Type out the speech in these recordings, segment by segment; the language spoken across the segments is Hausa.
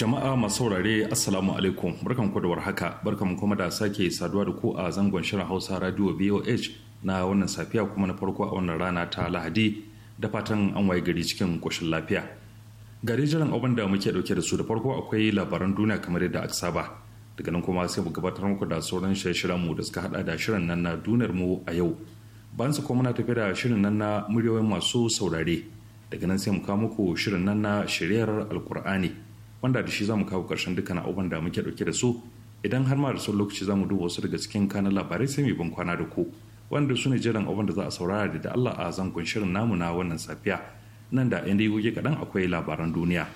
jama'a masu saurare assalamu alaikum barkan ku da warhaka barkan kuma da sake saduwa da ku a zangon shirin hausa radio voh na wannan safiya kuma na farko a wannan rana ta lahadi da fatan an waye gari cikin koshin lafiya gari jiran abin da muke dauke da su da farko akwai labaran duniya kamar yadda aka saba daga nan kuma sai mu gabatar muku da sauran shirye-shiryen mu da suka hada da shirin nan na duniyar mu a yau ban su kuma muna tafi da shirin nan na muryoyin masu saurare daga nan sai mu kawo muku shirin nan na shiryar alkur'ani wanda da shi za mu kawo ƙarshen dukkan abubuwan da muke ɗauke da su idan har ma da son lokaci za mu duba wasu daga cikin kanan labarai sai mu bin kwana da ku wanda su ne jiran abubuwan da za a saurara da da Allah a zangon shirin namu na wannan safiya nan da yan goge kadan akwai labaran duniya.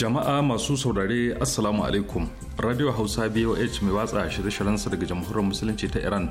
jama'a masu saurare assalamu alaikum radio hausa boh mai watsa shirye-shiryensa daga jamhuriyar musulunci ta iran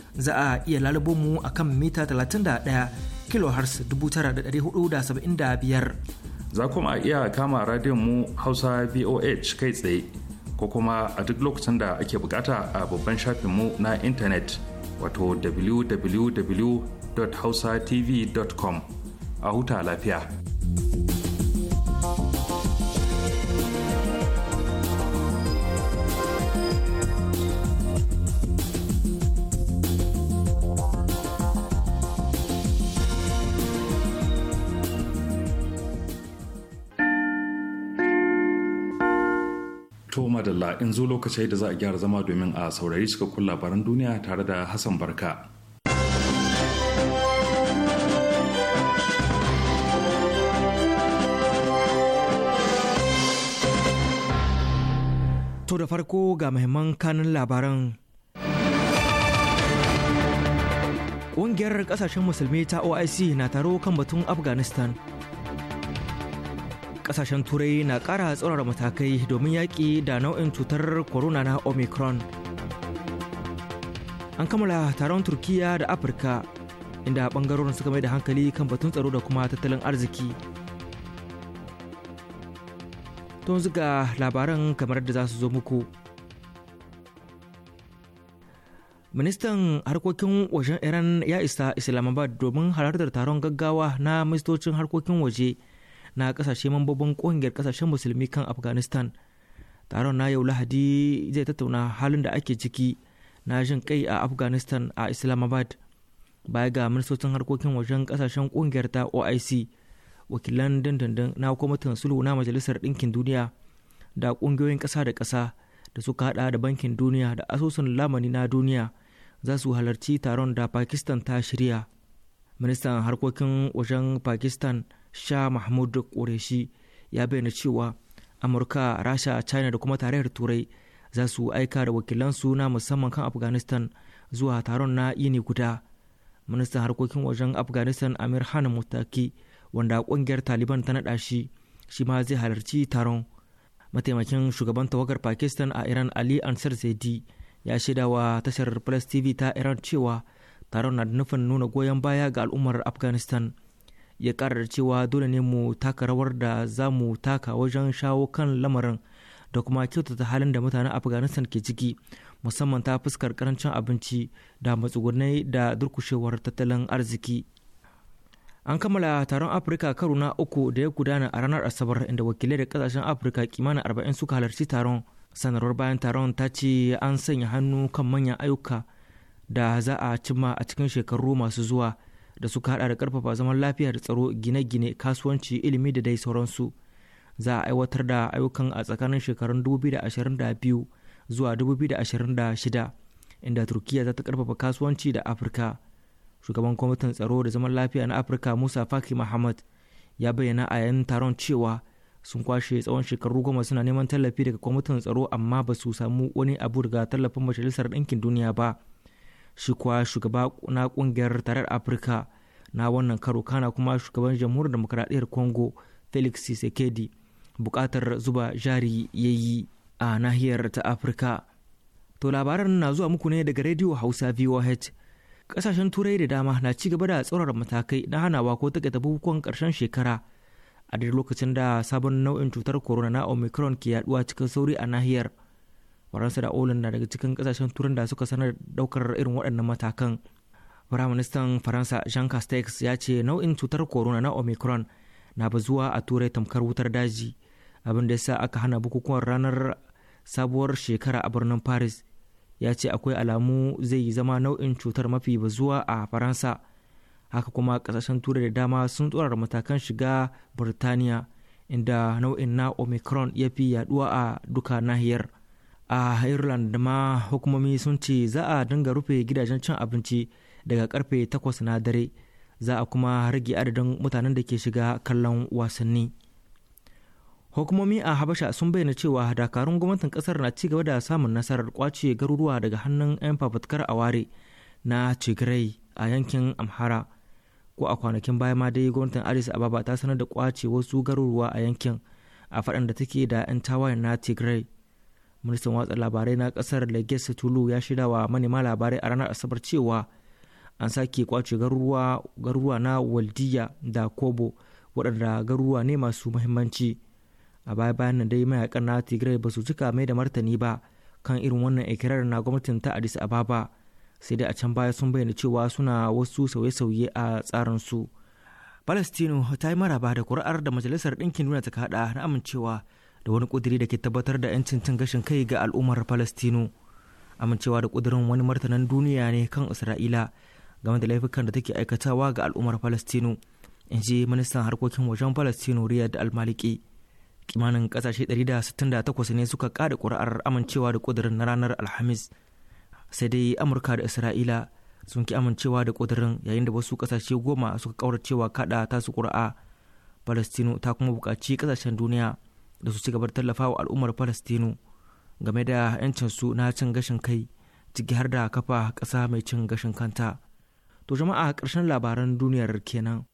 za a iya lalubo mu a kan mita 31 kilohertz 9475. Za kuma iya kama radiyon mu Hausa VOH kai tsaye ko kuma a duk lokacin da ake bukata a babban shafin mu na intanet wato www.hausatv.com a huta lafiya. madalla in zo lokacin da za a gyara zama domin a saurari cikakkun labaran duniya tare da Hassan Barka. To da farko ga muhimman kanun labaran. Ƙungiyar ƙasashen musulmi ta OIC na taro kan batun Afghanistan. kasashen turai na kara tsaurara matakai domin yaƙi da nau'in cutar corona na omicron an kammala taron turkiya da afirka inda bangarorin suka mai da hankali kan batun tsaro da kuma tattalin arziki tun ga labaran kamar da za su zo muku ministan harkokin wajen iran ya isa islamabad domin halartar taron gaggawa na ministocin harkokin waje na kasashe mambobin ƙungiyar kasashen musulmi kan afghanistan taron na yau lahadi zai tattauna halin da ake ciki na jin kai a afghanistan a islamabad baya ga ministocin harkokin wajen kasashen kungiyar ta oic wakilan dindindin na kwamitin sulhu na majalisar ɗinkin duniya da ƙungiyoyin ƙasa da ƙasa da suka hada da bankin duniya da asusun lamani na duniya za su halarci taron da pakistan ta shirya ministan harkokin wajen pakistan sha mahmud ƙureshi ya bayyana cewa amurka rasha china da kuma tarayyar turai za su aika da wakilansu na musamman kan afghanistan zuwa taron na yini guda ministan harkokin wajen afghanistan amir han mutaki wanda kungiyar taliban ta naɗa shi shi ma zai halarci taron mataimakin shugaban tawagar pakistan a iran ali ansar zaidi ya shaida wa tashar plus tv ta iran cewa taron na da nufin nuna goyon baya ga al'ummar afghanistan ya karar cewa dole ne mu taka rawar da za mu taka wajen shawo kan lamarin da kuma kyautata halin da mutanen afghanistan ke ciki musamman ta fuskar karancin abinci da matsugunai da durkushewar tattalin arziki an kammala taron afirka karo na uku da ya gudana a ranar asabar inda wakilai da kasashen afirka kimanin arba'in suka halarci taron sanarwar bayan taron ta ce an sanya hannu kan manyan ayyuka da za a cimma a cikin shekaru masu zuwa da suka hada da karfafa zaman lafiya da tsaro gine-gine kasuwanci ilimi da dai sauransu za a aiwatar da ayyukan a tsakanin shekarun 2022 zuwa 2026 inda turkiya za ta karfafa kasuwanci da afirka shugaban kwamitin tsaro da zaman lafiya na afirka musa faki muhammad ya bayyana a yayin taron cewa sun kwashe tsawon shekaru goma suna neman tallafi daga kwamitin tsaro amma ba su samu wani abu daga tallafin majalisar ɗinkin duniya ba shi kuwa shugaba na kungiyar tarar afirka na wannan karo kana kuma shugaban jamhuriyar demokradiyyar congo felix sekedi bukatar zuba jari ya yi a nahiyar ta afirka to labaran na zuwa muku ne daga rediyo hausa voh kasashen turai da dama na ci gaba da tsoron matakai na hanawa ko takaita bukukuwan karshen shekara a duk lokacin da sabon nau'in cutar corona na omicron ke yaduwa cikin sauri a nahiyar faransa da olin na daga cikin kasashen turan da suka sanar daukar irin waɗannan matakan firaministan faransa jean castex ya ce nau'in cutar corona na omicron na bazuwa a turai tamkar wutar daji abin da yasa aka hana bukukuwan ranar sabuwar shekara a birnin paris ya ce akwai alamu zai zama nau'in cutar mafi bazuwa a faransa haka kuma kasashen turai da dama sun tsorar matakan shiga burtaniya inda nau'in na omicron ya fi yaduwa a duka nahiyar a ireland ma hukumomi sun ce za a dinga rufe gidajen cin abinci daga karfe 8 na dare za a kuma rage adadin mutanen da ke shiga kallon wasanni hukumomi a habasha sun bayyana cewa dakarun gwamnatin kasar na ci gaba da samun nasarar kwace garuruwa daga hannun 'yan fafutukar ware na tigray a yankin amhara ko a kwanakin baya ma dai gwamnatin addis ababa ta sanar da kwace wasu garuruwa a yankin a faɗin da take da 'yan tawayen na tigray ministan watsa labarai na kasar lagos tulu ya shida wa manema labarai a ranar asabar cewa an sake kwace garuruwa na waldiya da kobo waɗanda garuruwa ne masu muhimmanci a baya bayan nan dai mayakan na tigray ba su cika mai da martani ba kan irin wannan ikirar na gwamnatin ta addis ababa sai dai a can baya sun bayyana cewa suna wasu sauye-sauye a tsarin su palestino ta yi maraba da kuri'ar da majalisar ɗinkin duniya ta kaɗa na amincewa da wani kudiri da ke tabbatar da 'yancin cin gashin kai ga al'ummar palestino amincewa da kudirin wani martanin duniya ne kan isra'ila game da laifukan da take aikatawa ga al'ummar palestino in ji ministan harkokin wajen palestino riyad almaliki kimanin kasashe 168 ne suka kada kuri'ar amincewa da kudirin na ranar alhamis sai dai amurka da isra'ila sun ki amincewa da kudirin yayin da wasu kasashe goma suka kauracewa kada tasu kuri'a palestino ta kuma buƙaci kasashen duniya da su ci gaba tallafa tallafawa al'ummar Falastinu game da 'yancinsu na cin gashin kai ciki har da kafa kasa mai cin gashin kanta. To jama'a ƙarshen labaran duniyar kenan.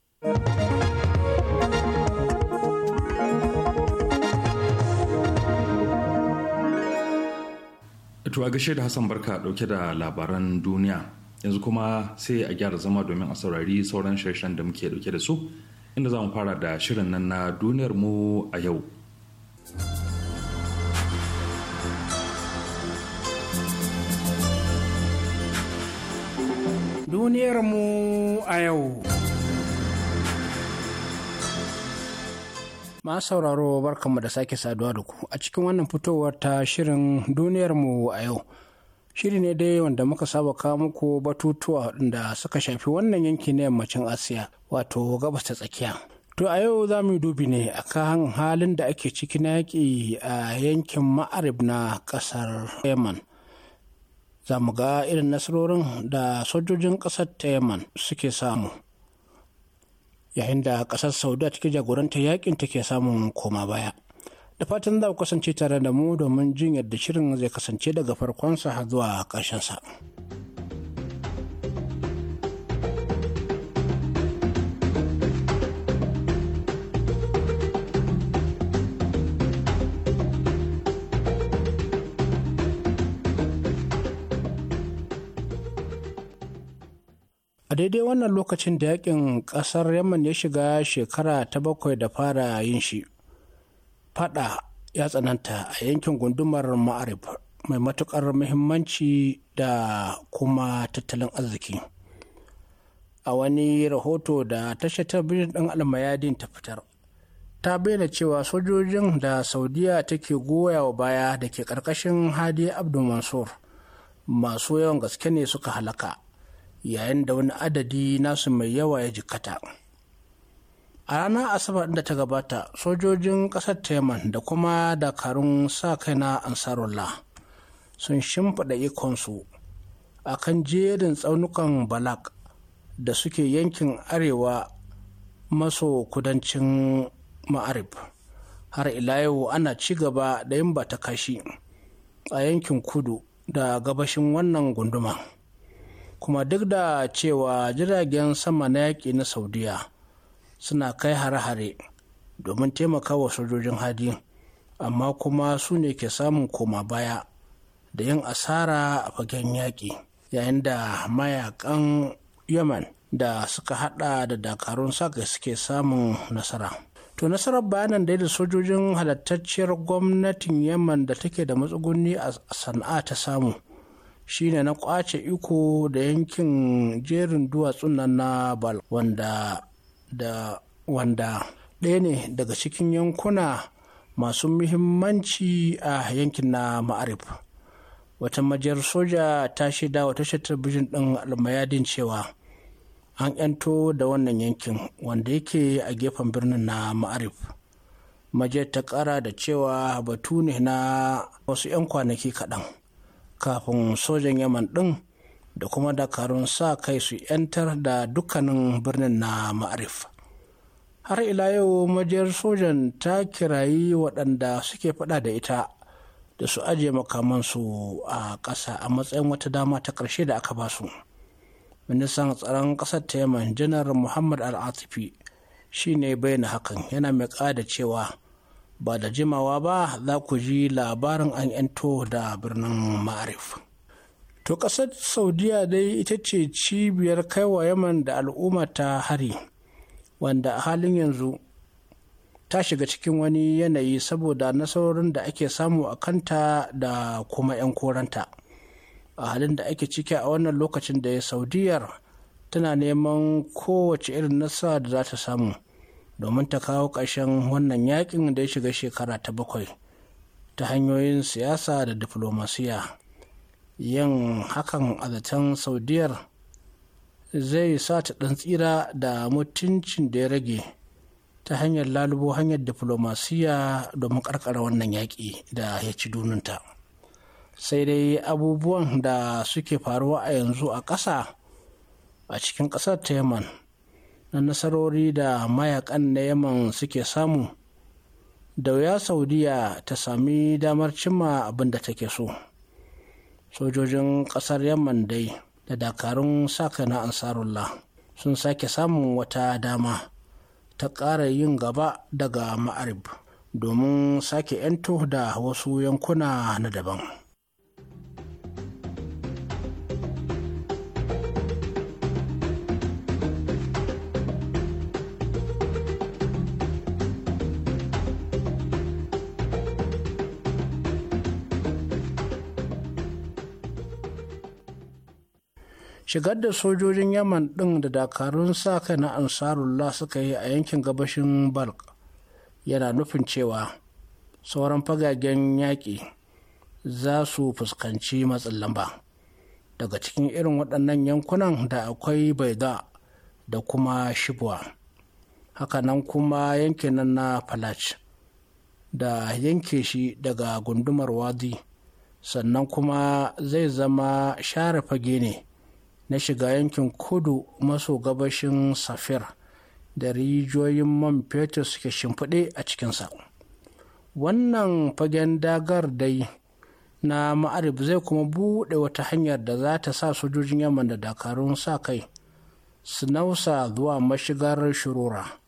To a gashe da Hassan Barka dauke da labaran duniya. Yanzu kuma sai a gyara zama domin a saurari sauran shirshen da muke dauke da su, inda za mu fara da shirin nan na duniyar mu a yau. Duniyarmu a yau. Masu sauraro barkanmu da sake saduwa da ku a cikin wannan fitowar ta shirin duniyarmu a yau. Shiri ne dai wanda muka saba kawo muku batutuwa da suka shafi wannan yanki na yammacin Asiya wato gabas ta tsakiya. To a yau za mu dubi ne a kan halin da ake ciki na yaƙi a yankin ma'arib na ƙasar Yemen. Za mu ga irin nasarorin da sojojin ƙasar ta Yemen suke samu. Yayin da ƙasar Saudiya take jagoranta yaƙin take samun koma baya. Da fatan za ku kasance tare da mu domin jin yadda shirin zai kasance daga farkonsa har zuwa ƙarshensa. sa. a daidai wannan lokacin da yakin kasar yaman ya shiga shekara ta bakwai da fara yin shi fada ya tsananta a yankin gundumar ma'arib mai matukar muhimmanci da kuma tattalin arziki a wani rahoto da tashar talabijin ɗin almayadin ta fitar ta bayyana cewa sojojin da saudiya take goya wa baya da ke ƙarƙashin hadi abdul mansur masu yawan gaske ne suka halaka yayin da wani adadi nasu mai yawa ya jikata a ranar asabar da ta gabata sojojin ƙasar taiman da kuma dakarun sa kai na ansarullah sun shimfiɗa ikonsu a kan jerin tsaunukan balak da suke yankin arewa maso kudancin ma'arib har ila yau ana ci gaba da yin ba ta kashi a yankin kudu da gabashin wannan gunduma. kuma duk da cewa jiragen sama na yaƙi na saudiya suna kai hare-hare domin taimakawa sojojin hadi amma kuma su ne ke samun koma baya da yin asara a fagen yaƙi yayin da mayakan yaman da suka hada da dakarun saka suke samun nasara to nasarar bayanan da da sojojin halattacciyar gwamnatin yaman da take da matsuguni a sana'a ta samu shine na kwace iko da yankin jerin duwatsun nan na bal wanda da wanda ɗaya ne daga cikin yankuna masu muhimmanci a yankin na ma'arif wata majiyar soja ta shaida wa tashar talabijin ɗin almayadin cewa an 'yanto da wannan yankin wanda yake a gefen birnin na ma'arif majiyar ta ƙara da cewa batu ne na wasu 'yan kwanaki kaɗan kafin sojan yaman ɗin da kuma dakarun sa kai su 'yantar da dukkanin birnin na ma'arif har ila yau majiyar sojan ta kirayi waɗanda suke faɗa da ita da su ajiye makamansu a ƙasa a matsayin wata dama ta ƙarshe da aka basu ministan tsaron ƙasar ta yaman janar muhammad al-atifi shi ne bayyana hakan yana mai ƙada cewa ba da jimawa ba za ku ji labarin an 'yanto da birnin ma'arif to ƙasar saudiya dai ita ce cibiyar kaiwa yaman da al'umma ta hari wanda a halin yanzu ta shiga cikin wani yanayi saboda nasarorin da ake samu a kanta da kuma 'yan koranta a halin da ake ciki a wannan lokacin da ya saudiyar tana neman kowace irin nasara da za ta samu domin ta kawo ƙarshen wannan yakin da ya shiga shekara ta bakwai ta hanyoyin siyasa da diflomasiya yin hakan a zaton saudiyar zai sa ta ɗan tsira da mutuncin da ya rage ta hanyar lalubo hanyar diflomasiya domin ƙarƙara wannan yaƙi da ya ci dununta sai dai abubuwan da suke faruwa a yanzu a ƙasa a cikin ƙasar ta yaman na nasarori da mayakan na yaman suke samu da wuya saudiya ta sami damar cimma abin da take so sojojin kasar yaman dai da dakarun sa na ansarullah sun sake samun wata dama ta ƙara yin gaba daga ma'arib domin sake 'yanto da wasu yankuna na daban. shigar da sojojin yaman ɗin da dakarun sa kai na ansarullah suka yi a yankin gabashin balk yana nufin cewa sauran fagagen yaƙi za su fuskanci matsin lamba daga cikin irin waɗannan yankunan da akwai baida da kuma shibwa hakanan kuma yankin na falaj da yanke shi daga gundumar wadi sannan kuma zai zama share fage ne na shiga yankin kudu maso gabashin safir da rijiyoyin man fetur suke shimfiɗe a cikinsa wannan fagen dagar dai na ma'arib zai kuma buɗe wata hanyar da za ta sa sojojin yaman da dakarun sa kai su nausa zuwa mashigar shurura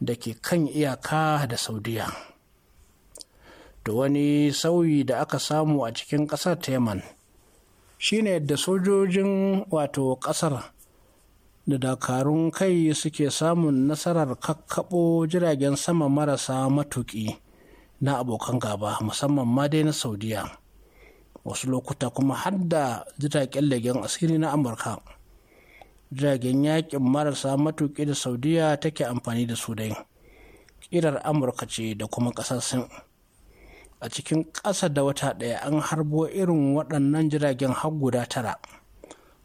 da ke kan iyaka da saudiya da wani sauyi da aka samu a cikin ƙasar ta yaman shine yadda sojojin wato kasar da dakarun kai suke samun nasarar kakkaɓo jiragen sama marasa matuki na abokan gaba musamman ma dai na saudiya wasu lokuta kuma hadda jiragen legen asiri na amurka jiragen yakin marasa matuƙi da saudiya take amfani da su dai ƙirar amurka ce da kuma ƙasar sin a cikin ƙasa da wata ɗaya an harbo irin waɗannan jiragen har guda tara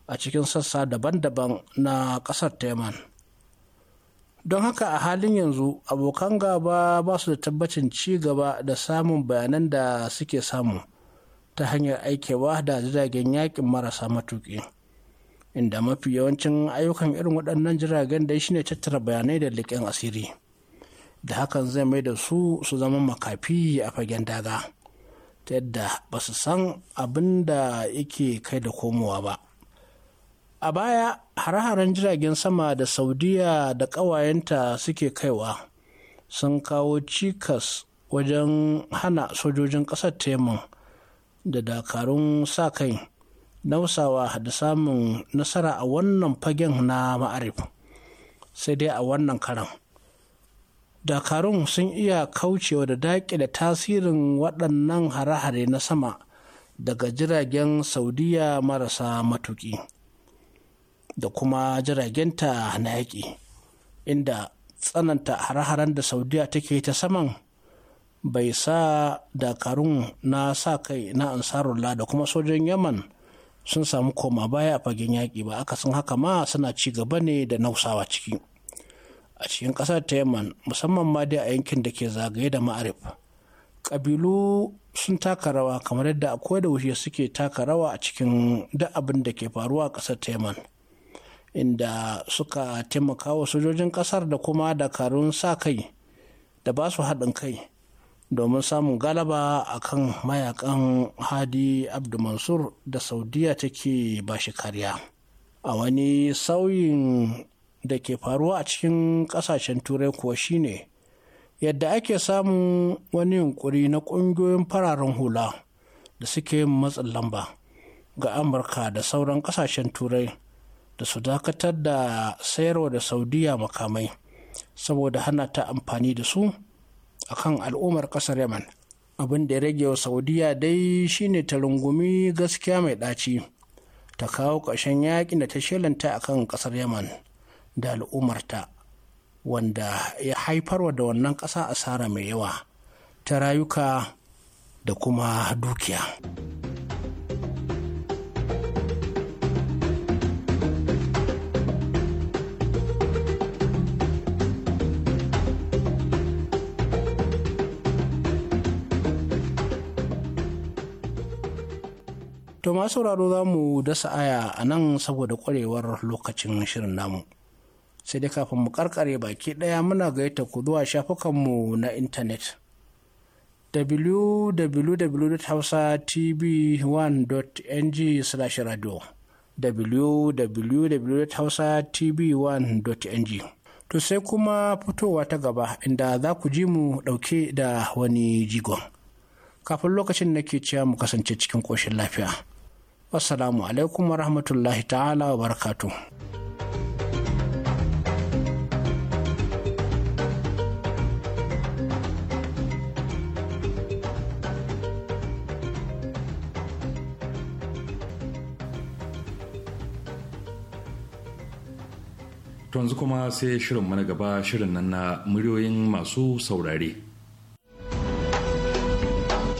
a cikin sassa daban-daban na ƙasar taiman don haka a halin yanzu abokan gaba ba su da tabbacin ci gaba da samun bayanan da suke samu ta hanyar aikewa da jiragen yakin marasa matuƙi inda mafi yawancin ayyukan irin waɗannan jiragen da shine tattara bayanai da leƙen asiri. da hakan zai mai da su su zama makafi a fagen daga ta yadda ba su san abin da yake kai da komowa ba a baya hare-haren jiragen sama da saudiya da ƙawayenta suke kaiwa sun kawo cikas wajen hana sojojin ƙasar temun da dakarun sa kai nausawa da samun nasara a wannan fagen na ma'arif sai dai a wannan karan dakarun sun iya kaucewa da daƙile tasirin waɗannan hare-hare na sama daga jiragen saudiya marasa matuƙi da kuma jiragenta na yaƙi inda tsananta hare-haren da saudiya take ta saman bai sa dakarun na sa kai na ansarullah da kuma sojan yaman sun samu koma baya a fagen yaƙi ba aka akasin haka ma suna ci gaba ne da nausawa ciki. a cikin ƙasar ta yamman musamman ma dai a yankin da ke zagaye da ma'arif ƙabilu sun taka rawa kamar yadda akwai da wuce suke taka rawa a cikin duk abin da ke faruwa a ƙasar taiman inda suka taimaka wa sojojin ƙasar da kuma dakarun sa kai da ba su haɗin kai domin samun galaba a kan mayakan hadi abdulmansur da saudiya take ba shi kariya a wani sauyin da ke faruwa a cikin kasashen turai kuwa shine yadda ake samun wani yunkuri na ƙungiyoyin fararen hula da suke matsin lamba ga amurka da sauran ƙasashen turai da su dakatar da sayarwa da saudiya makamai saboda hana ta amfani da su akan al'ummar ƙasar yaman abin da ya rage wa saudiya dai shine ta rungumi gaskiya mai ɗaci ta kawo ƙarshen yaƙin da ta shelanta a kan ƙasar yaman da al'ummarta wanda ya haifarwa da wannan ƙasa asara mai yawa ta rayuka da kuma dukiya. To masu sauraro za mu dasa aya a nan saboda kwarewar lokacin shirin namu. sai dai kafin mu karkare baki daya muna gayyata ku zuwa shafukanmu na intanet www.hausatv1.ng/radio www.hausatv1.ng to sai kuma fitowa ta gaba inda za ku ji mu dauke da wani jigon kafin lokacin nake ke cewa mu kasance cikin koshin lafiya wassalamu alaikum wa rahmatullahi ta'ala wa barakatu. To yanzu kuma sai shirin mana gaba shirin nan na muryoyin masu saurare.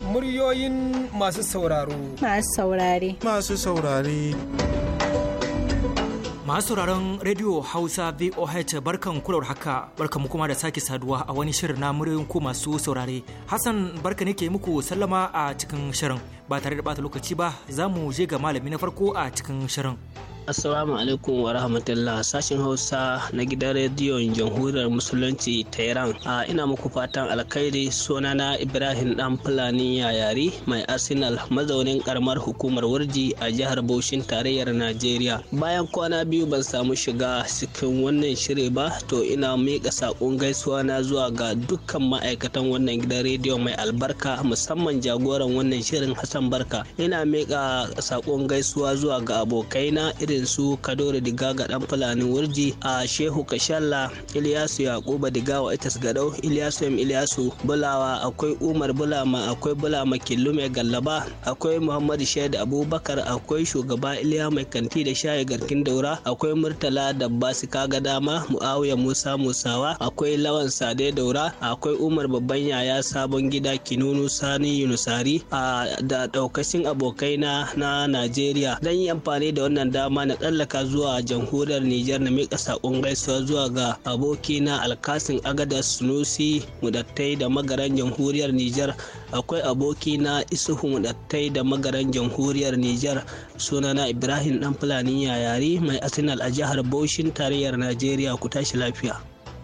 Muryoyin masu sauraro. Masu saurare. Masu saurare. Masu sauraron Radio Hausa VOH barkan kular haka barkan kuma da sake saduwa a wani shirin na muryoyin ku masu saurare. Hassan barka ne ke muku sallama a cikin shirin ba tare da bata lokaci ba za mu je ga malami na farko a cikin shirin. Assalamu alaikum wa rahmatullah sashen Hausa na gidan rediyon Jamhuriyar Musulunci ta Iran. A ina muku fatan alkhairi sunana Ibrahim Dan Fulani Yayari mai Arsenal mazaunin karamar hukumar Warji a jihar Bauchin tarayyar Najeriya. Bayan kwana biyu ban samu shiga cikin wannan shiri ba to ina miƙa saƙon gaisuwa na zuwa ga dukkan ma'aikatan wannan gidan rediyo mai albarka musamman jagoran wannan shirin Hassan Barka. Ina miƙa saƙon gaisuwa zuwa ga abokaina irin irin su kadore digaga dan fulani wurji a shehu kashalla ilyasu yakuba digawa itas gadau ilyasu m ilyasu bulawa akwai umar bulama akwai bulama killume gallaba akwai muhammadu shaid abubakar akwai shugaba ilya mai kanti da shayi garkin daura akwai murtala da basu kaga dama muawiya musa musawa akwai lawan sade daura akwai umar babban yaya sabon gida kinunu sani yunusari da daukacin abokaina na najeriya zan yi amfani da wannan dama na tsallaka zuwa jamhuriyar Nijar na miƙa saƙon gaisuwa zuwa ga abokina Alkasin Agada Sunusi Mudattai da magaran jamhuriyar Nijar akwai abokina Isuhu Mudattai da magaran jamhuriyar Nijar sunana Ibrahim ɗan Fulani Yayari mai Arsenal a jihar Bauchin tarayyar Najeriya ku tashi lafiya.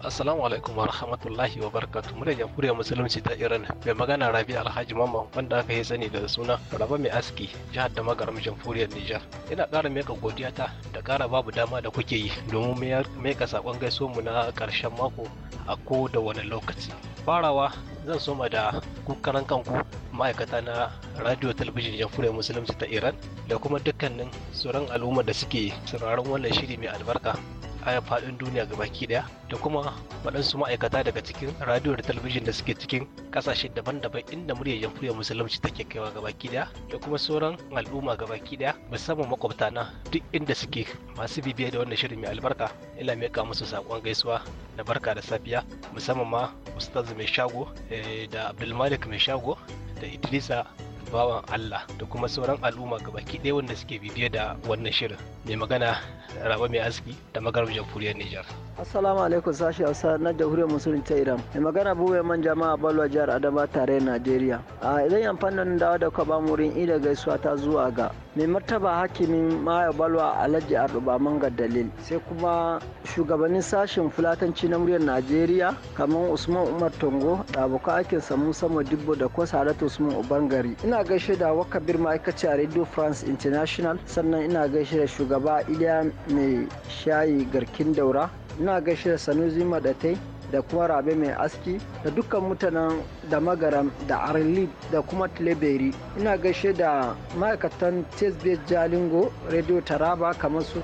Assalamu alaikum wa rahmatullahi wa barakatuh. Mu jamhuriyar musulunci ta Iran mai magana Rabi Alhaji Mamman wanda aka yi sani da suna Raba mai aski jihar da magaram jamhuriyar Nijar. Ina ƙara maka godiya ta da kara babu dama da kuke yi domin ka sakon gaiso mu na karshen mako a ko da wani lokaci. Farawa zan soma da kukaran kanku ma'aikata na radio talabijin jamhuriyar musulunci ta Iran da kuma dukkanin tsoron al'umma da suke sauraron wannan shiri mai albarka. a faɗin duniya baki ɗaya da kuma waɗansu ma'aikata daga cikin radiyo da talabijin da suke cikin ƙasashe daban-daban inda muryar jamhuriyar musulunci take kaiwa baki ɗaya da kuma sauran al'umma ga baki daya musamman makwabta na duk inda suke masu bibiya da wannan shirin mai albarka ina ka musu saƙon gaisuwa da barka da safiya musamman ma ustaz mai shago eh, da abdulmalik mai shago da idrisa bawan Allah da kuma sauran al'umma ga baki ɗaya wanda suke bibiye da wannan shirin mai magana raba mai aski da magarar jamhuriyar Nijar. Assalamu alaikum sashi Hausa na Jamhuriyar Musulun ta Iran. Mai magana Bube Man Jama'a Balwa Jihar Adama tare Najeriya. A idan yan fannin dawo da kwaba murin ida gaisuwa ta zuwa ga mai martaba hakimin Maya Balwa a Arduba Manga Dalil sai kuma shugabannin sashen fulatanci na muryar Najeriya kamar Usman Umar Tongo da abokan aikin sa Musa dubbo da kuma Saratu Usman Ubangari. Ina gaishe da Wakabir ma'aikaci a Radio France International sannan ina gaishe da shugaba Iliya mai shayi garkin daura ina gaishe da sanusi madatai da kuma rabe mai aski da dukkan mutanen da magaram da arlid da kuma tileberi ina gaishe da ma'aikatan tesbet jalingo radio taraba kamar su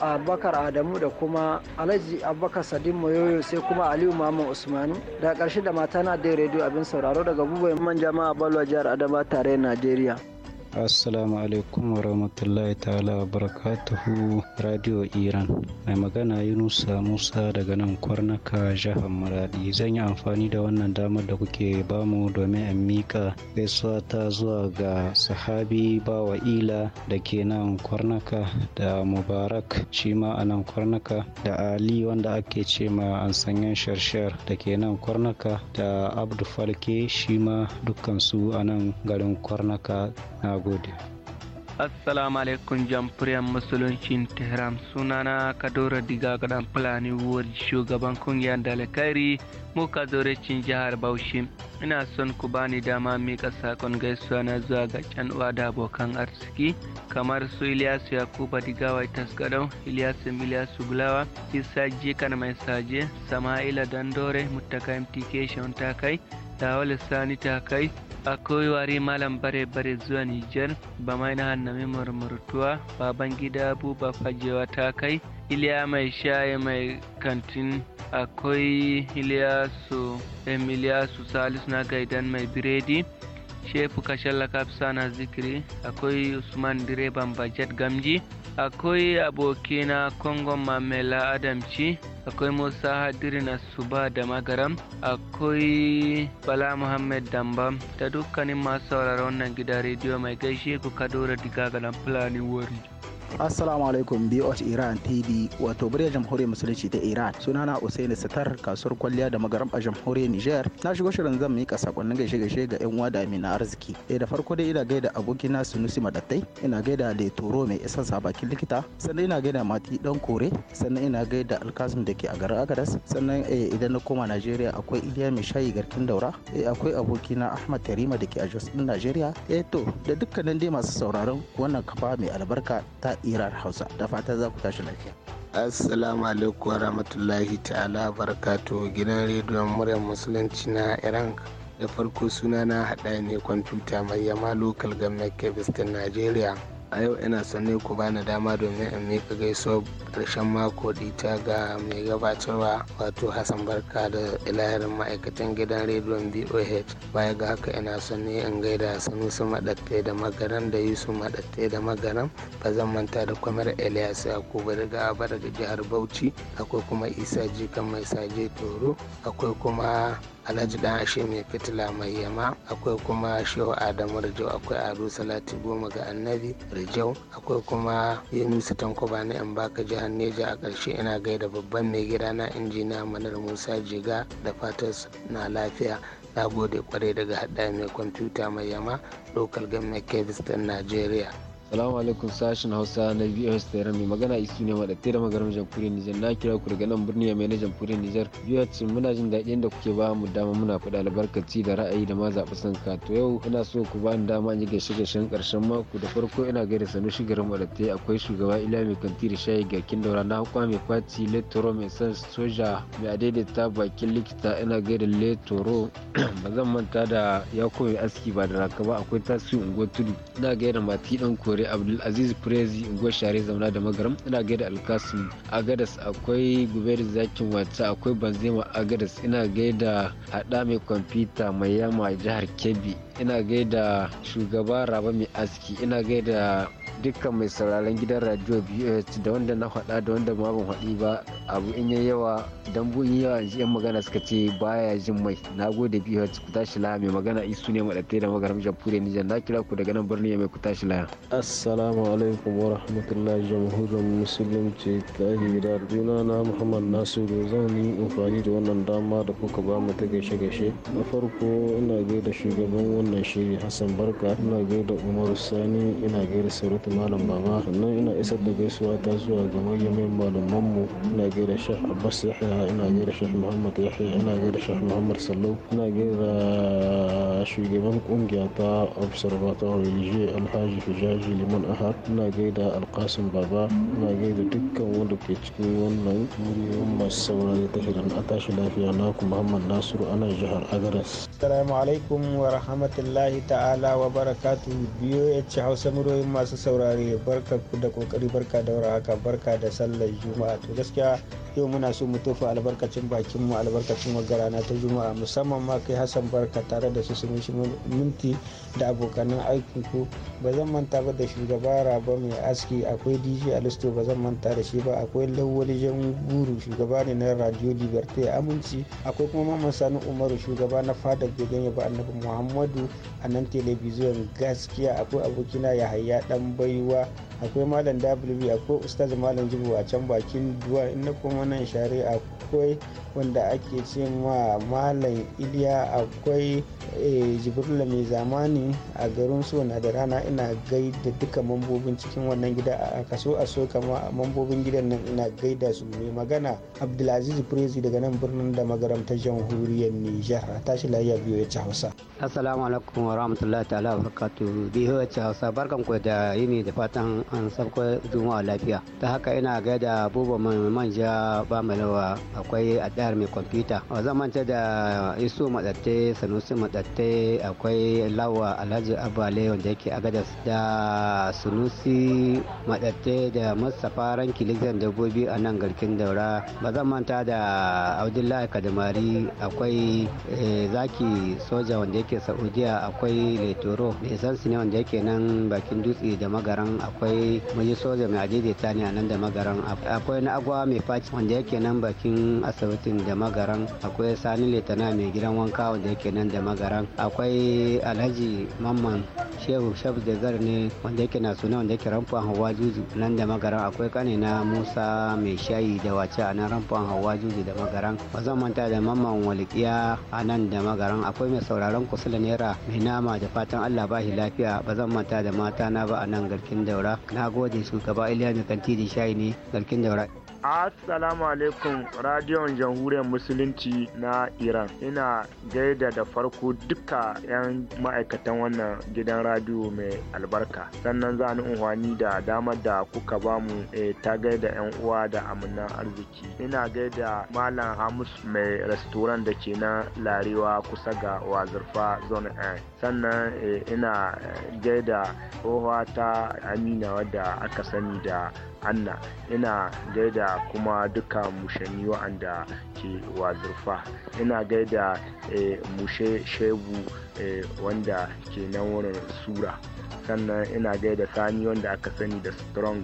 abakar adamu da kuma alhaji abakar sadin moyoyo sai kuma aliyu mama usmanu da karshe da matana dai radio abin sauraro daga bubai man jama'a balwa jihar adama tare najeriya Assalamu alaikum wa rahmatullahi ta'ala wa barakatuhu Radio Iran. Mai magana Yunusa Musa daga nan kwarnaka jihar Maradi. Zan yi amfani da wannan damar da kuke bamu domin in mika gaisuwa ta zuwa ga sahabi bawa ila da ke nan kwarnaka da Mubarak shi ma a nan kwarnaka da Ali wanda ake ce ma an sanyan sharshar da ke nan kwarnaka da Abdu Falke shi ma dukkan su a nan garin kwarnaka na gode. assalamu alaikum jamhuriyar musuluncin tehran sunana kadora diga gadan fulani ward shugaban kungiyar dalakari muka cin jihar bauchi ina son ku bani dama mika sakon gaisuwa na zuwa ga can uwa da abokan arziki kamar su ilyasu yakuba digawai tasgadau ilyasu miliyasu gulawa isa jikan mai saje sama'ila dandore mutaka mtk shon takai tawal sani ta kai akwai wari malam bare bare zuwa nijar ba mai na hannami murmurtuwa baban gida ba fajewa ta kai iliya mai shaye mai kantin akwai iliyasu emiliyasu salisu na gaidan mai biredi shefu kashar lakafisa na zikiri akwai usman direban bajet gamji akwai abokina kongon mamela adamci akwai musa hadiri na suba da magaram akwai bala muhammed Damba da dukkanin masu sauraron wannan gida rediyo mai gaishe ku kadora diga ga fulani wari assalamu alaikum bot iran tv wato muryar jamhuriyar musulunci ta iran sunana usaini sitar kasuwar kwalliya da magaram a jamhuriyar niger na shigo shirin zan mika sakonnin gaishe gaishe ga yan uwa da amina arziki eh da farko dai ina gaida abokina sunusi madattai ina gaida letoro mai isan sabakin likita sannan ina gaida mati dan kore sannan ina gaida alkasim da ke a garin agadas sannan eh, idan na koma najeriya akwai iliya mai shayi garkin daura eh, akwai abokina ahmad tarima da ke a jos din najeriya eh to da dukkanin dai masu sauraron wannan kafa mai albarka ta irar hausa da fata za ku tashi lafiya assalamu alaikum warahmatullahi ta'ala barakatu gidan rediyon muryar musulunci na iran da farko suna na haɗa ne kwamfuta mai yama local government kebis ta najeriya a yau ina sanne ku bani dama domin in miƙa gaisuwar ƙarshen mako ɗita ga mai gabatarwa wato hassan barka da ilahirin ma'aikatan gidan rediyon boh baya ga haka ina sanne in gaida sanusi maɗatte da magaran da yusuf maɗatte da magaran ba zan manta da kwamar elias yakubu daga ba da jihar bauchi akwai kuma isa jikan mai saje toro akwai kuma alhaji dan ashe mai fitila mai yama akwai kuma shehu adamu rijau akwai ado salati goma ga annabi rijau akwai kuma yunusu tankoba na yan baka jihar neja a ƙarshe ina gaida babban mai gida na injiniya manar musa jiga da fatas na lafiya na gode kwarai daga hada mai kwamfuta mai yama local government kebis ɗin najeriya Salamu alaikum sashen Hausa na VOS Tehran mai magana isu ne madatte da magarin jamhuriyar Nijar na kira ku daga nan birni mai na jamhuriyar Nijar. VOS muna jin daɗi da kuke ba mu dama muna faɗa albarkaci da ra'ayi da ma zaɓi sanka. To yau ina so ku ba ni dama in yi gaishe gaishen ƙarshen mako da farko ina da sanu shigarin madatte akwai shugaba Ila mai kanti da shayi ga kin daura na hukwa mai faci letoro mai san soja mai adaidaita bakin likita ina da letoro ba zan manta da ya mai aski ba da raka ba akwai tasiri unguwar tudu ina gaida mati ɗan kore aure abdulaziz prezi unguwar share zauna da magaram ina gaida alkasim agadas akwai guberi zakin wata akwai banzema agadas ina gaida hada mai kwamfuta mai yama jihar kebbi ina gaida shugaba raba mai aski ina gaida dukkan mai sauraron gidan radio bh da wanda na faɗa da wanda ma ban faɗi ba abu in yi yawa dan yi yawa yan magana suka ce baya jin mai gode bh ku tashi laya mai magana isu ne madatai da magaram jamhuriyar Nijar na kira ku daga nan birni mai ku tashi laya assalamu alaikum wa rahmatullahi jamhuriyar musulunci ta hira juna na Muhammad Nasiru zan yi amfani da wannan dama da kuka ba mu ta gaishe gaishe na farko ina gaida shugaban wannan shiri Hassan Barka ina gaida Umar Sani ina gaida Sarut malam baba sannan ina isar da gaisuwa ta zuwa ga manyan malamanmu ina gaida shek abbas yahya ina gaida shek muhammad yahya ina gaida shek muhammad sallau ina gaida shugaban kungiya ta observatory je alhaji fijaji liman ahad ina gaida alkasim baba ina gaida dukkan wanda ke cikin wannan miliyoyin masu saurari ta shirin a tashi lafiya na ku muhammad nasiru ana jihar agaras assalamu alaikum wa rahmatullahi ta'ala wa barakatuhu biyo ya ci hausa muryoyin masu saurari saurare barka da kokari barka daura haka barka da sallar juma'a to gaskiya yau muna so mu tofa albarkacin bakin mu albarkacin wagarana ta juma'a musamman ma kai hassan barka tare da su sun minti da abokanan aiki ko ba zan manta ba da shugaba raba mai aski akwai dj alisto ba zan manta da shi ba akwai lawal jan guru shugaba ne na radio liberté aminci akwai kuma mamman sani umaru shugaba na fadar gidan yaba annabi muhammadu a nan telebijin gaskiya akwai abokina yahaya dan baiwa akwai malam w akwai ustaz malam jibo a can bakin duwa ina kuma nan share akwai wanda ake ce ma malam iliya akwai Eh, jibrila mai zamani a garin so na da rana ina gaida duka mambobin cikin wannan gida a kaso a so kama mambobin gidan nan ina gaida su mai magana abdulaziz prezi daga nan birnin da magaramtar jamhuriyar nijar a tashi lafiya biyu ya ci hausa assalamu alaikum wa rahmatullahi ta'ala wa barakatu biyu ya ci hausa barkan ku da yini da fatan an sabko juma'a lafiya ta haka ina gaida abubuwan mai manja ba mai akwai a mai kwamfuta a zamanta da iso matsatte sanusi matsatte madattai akwai lawa alhaji abale wanda yake gadas da sunusi madatte da mustapha ranki lijan dabbobi a nan garkin daura ba zan manta da abdullahi kadamari akwai eh, zaki soja wanda yake saudiya akwai letoro mai sansu ne wanda yake nan bakin dutse da magaran akwai muji soja mai ta ne a nan da magaran akwai na agwa mai faci wanda yake nan bakin asibitin da magaran akwai sani letana mai gidan wanka wanda yake nan da magaran akwai alhaji mamman shehu shabu zar ne wanda yake na suna wanda yake ramfan hawa juju nan da magaran akwai kane na musa mai shayi da wace a nan ramfan hawa juju da magaran ba zan manta da mamman walikiya a nan da magaran akwai mai sauraron kusula naira mai nama da fatan allah ba shi lafiya ba zan manta da mata na ba a nan garkin daura na gode shugaba iliya mai kanti da shayi ne garkin daura Assalamu alaikum radiyon jamhuriyar musulunci na Iran. Ina gaida da farko duka 'yan ma'aikatan wannan gidan radiyo mai albarka. Sannan za ni unhwani da damar da kuka bamu e, eh, ta gaida 'yan uwa da amina arziki. Ina gaida Malam Hamus mai restoran da ke na Larewa kusa ga Wazirfa Zone A. Sannan eh, ina eh, gaida tsohuwa ta Amina wadda aka sani da anna ina gaida kuma duka mushanni wa'anda ke wazurfa ina gaida eh, mushe shebu eh, wanda ke nan wurin sura sannan ina gaida sani wanda aka sani da strong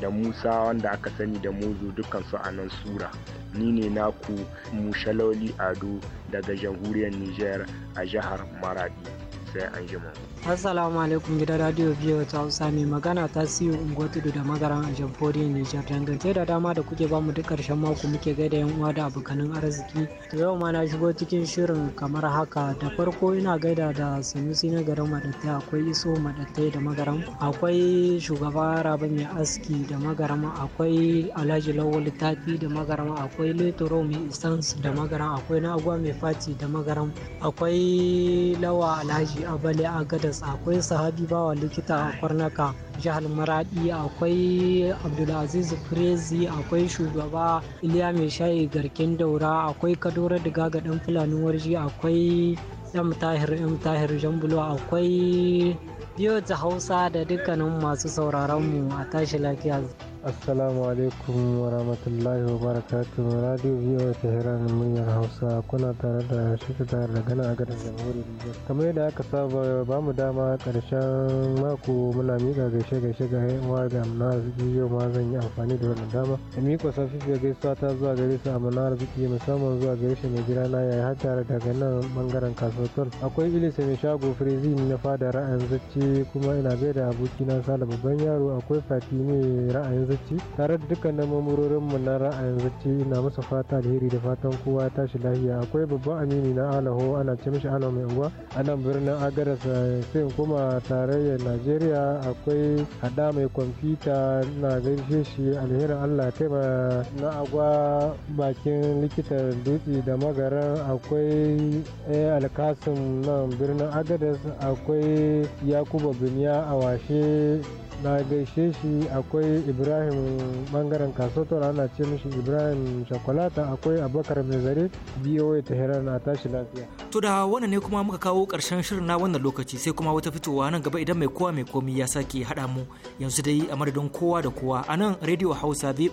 da musa wanda aka sani da mozu dukansu a nan sura ni ne naku mushaloli ado daga jamhuriyar niger a jihar maradi sai an jima. Assalamu alaikum gidan radio biyu ta Hausa mai magana ta siyo unguwar da magaran a jamhuriyar Nijar dangance da dama da kuke bamu duk karshen mako muke gaida yan uwa da abokanin arziki. To yau ma na shigo cikin shirin kamar haka da farko ina gaida da Sanusi na garin Madatai akwai Iso Madatai da magaran akwai shugaba Rabi mai aski da magaran akwai Alhaji Lawal Tafi da magaran akwai Letoro mai Isans da magaran akwai Nagwa mai Fati da magaran akwai Lawa Alhaji Abale Agada akwai sahabi bawa likita a kwarnaka jihar maradi akwai abdulaziz firezi akwai shugaba iliya mai shayi garken daura akwai kadora daga gaɗin fulani warji akwai yan tahir yan tahir jambulo akwai biyo ta hausa da dukkanin masu sauraron mu a tashi lafiya Assalamu alaikum wa rahmatullahi wa barakatuh Radio VOA Tehran muryar Hausa kuna tare da shirka tare da gana a da jamhuriyar Nijar. Kamar yadda aka saba ba mu dama karshen mako muna miƙa gaishe gaishe ga yawa ga amina arziki yau ma zan yi amfani da wannan dama. Da miƙa ga gaisuwa ta zuwa gare su amina arziki musamman zuwa gare shi mai gida na yayi har tare daga nan bangaren kasuwar. Akwai ilisa mai shago Firizi na fada ra'ayin zacce kuma ina gaida abokina Sale babban yaro akwai fati Fatime ra'ayin zuci tare da na mamurorin mu na ra'ayin zuci ina masa fata alheri da fatan kowa ya tashi lafiya akwai babban amini na alaho ana ce mishi alaho mai unguwa a nan birnin agadas sai kuma tarayyar najeriya akwai hada mai kwamfuta na gaishe shi alherin allah kai ba na agwa bakin likitan dutse da magaran akwai alkasim nan birnin agadas akwai yakuba biniya a washe na gaishe shi akwai ibrahim bangaren kasotor ana ce mishi ibrahim shakwalata akwai abokar mai zare biyo ta hira na tashi lafiya to da wannan ne kuma muka kawo karshen shirin na wannan lokaci sai kuma wata fitowa nan gaba idan mai kowa mai komi ya sake haɗa mu yanzu dai a madadin kowa da kowa a nan radio hausa voh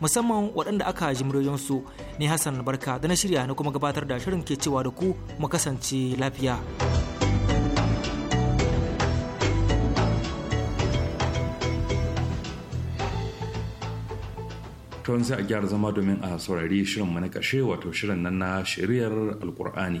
musamman waɗanda aka ji muryoyinsu ne hassan barka da na shirya na kuma gabatar da shirin ke cewa da ku mu kasance lafiya. to za a gyara zama domin a saurari shirin na kashe wato shirin nan na shiriyar alkur'ani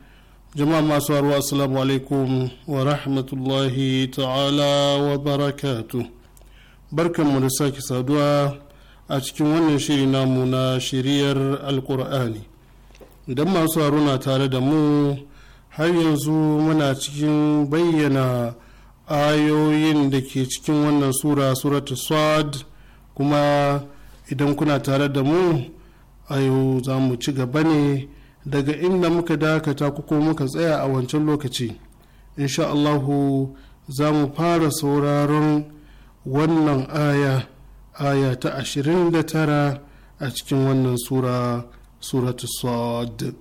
jama'a masu haruwa assalamu alaikum wa rahmatullahi ta'ala wa barakatu barkan mu da sake saduwa a cikin wannan shiri namu na shiriyar alkur'ani idan masu na tare da mu har yanzu muna cikin bayyana ayoyin da ke cikin wannan sura suratu swad kuma idan kuna tare da mu a yau za mu ci gaba ne daga inda muka dakata kuko muka tsaya a wancan lokaci insha Allahu za mu fara sauraron wannan aya aya ta tara a cikin wannan sura suratu sad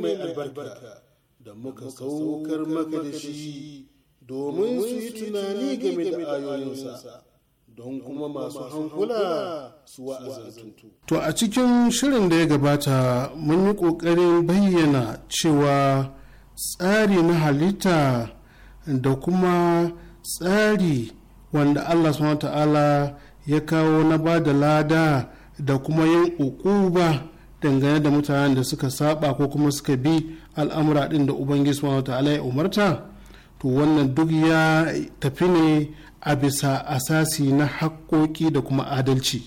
mai albarka da muka saukar maka da shi domin su yi tunani game da ayoyinsa don kuma masu hankula su wa'azantu. To a cikin shirin da ya gabata mun yi ƙoƙarin bayyana cewa tsari na halitta da kuma tsari wanda Allah ta'ala ya kawo na ba da lada da kuma yin ukuba dangane da mutanen da suka saba ko kuma suka bi al'amura din da ubangiji subhanahu ta'ala ya umarta to wannan duk ya tafi ne a bisa asasi na haƙƙoƙi da kuma adalci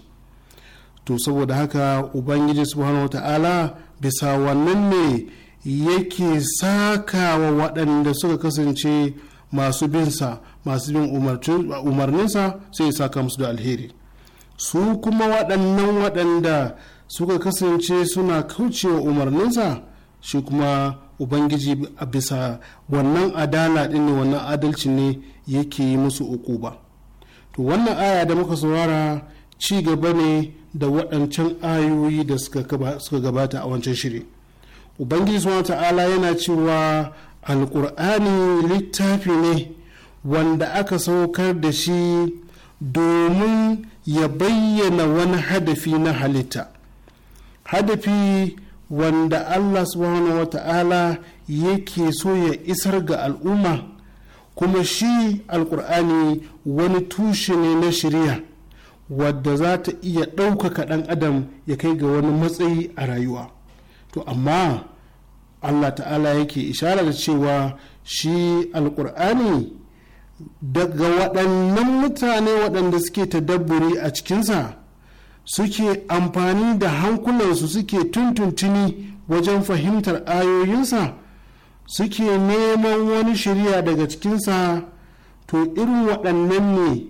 to saboda haka ubangiji subhanahu ta'ala bisa wannan ne yake sakawa waɗanda suka kasance masu binsa masu bin umarninsa sai ya saka musu da alheri su kuma waɗannan waɗanda suka kasance suna kaucewa umarninsa shi kuma ubangiji a bisa wannan adala ne wannan adalci ne yake yi musu uku ba to wannan aya da muka saurara ci gaba ne da waɗancan ayoyi da suka gabata a wancan shiri ubangiji suna ta'ala yana cewa alƙur'ani littafi ne wanda aka saukar da shi domin ya bayyana wani hadafi na halitta hadafi wanda allah subhanahu wata'ala yake so ya isar ga al'umma kuma shi alkur'ani wani tushe ne na shirya wadda za ta iya ɗaukaka ɗan adam ya kai ga wani matsayi a rayuwa to amma allah ta'ala yake ishara da cewa shi alkur'ani daga waɗannan mutane waɗanda suke tadabburi a cikinsa suke amfani da hankulansu suke tuntuntuni wajen fahimtar ayoyinsa suke neman wani shirya daga cikinsa to irin waɗannan ne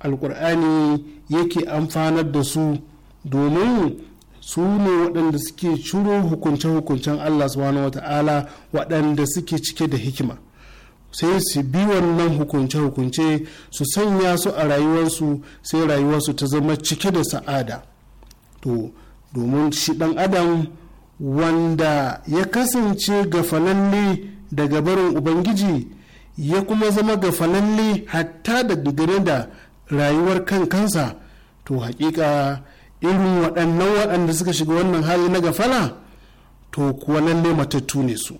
alkur'ani yake amfanar da su domin su ne waɗanda suke ciro hukunce-hukuncen allah subhanahu wata'ala waɗanda suke cike da hikima sai su bi wannan hukunce-hukunce su sanya su a rayuwarsu sai rayuwarsu ta zama cike da sa'ada to domin shi dan adam wanda ya kasance gafalalle daga barin ubangiji ya kuma zama gafalalle hatta da gare da rayuwar kan kansa to hakika irin waɗannan waɗanda suka shiga wannan hali na gafala to kuwa lalle matattu ne su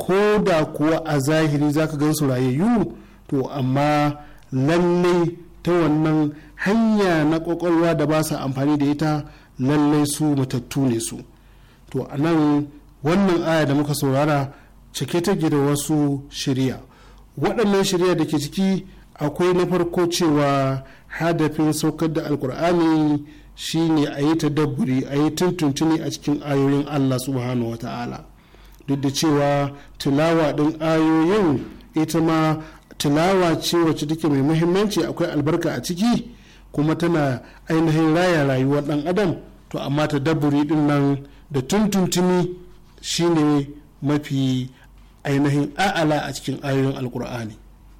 ko da kuwa a zahiri za ka gan su rayayyu to amma lallai ta wannan hanya na kwakwalwa da ba sa amfani da ita lallai su matattu ne su to a nan wannan aya da muka saurara cike ta da wasu shirya waɗannan shirya da ke ciki akwai na farko cewa hadafin saukar da alkur'ani shine a yi ta dabburi a yi tuntuntuni a cikin ayoyin allah subhanahu wa ta'ala duk da cewa tilawa ɗin ayoyin ita ma tilawa ce wacce take mai muhimmanci akwai albarka a ciki kuma tana ainihin raya rayuwar ɗan adam to amma ta daburi ɗin nan da tuntuntuni shine mafi ainihin a'ala a cikin ayoyin alkur'ani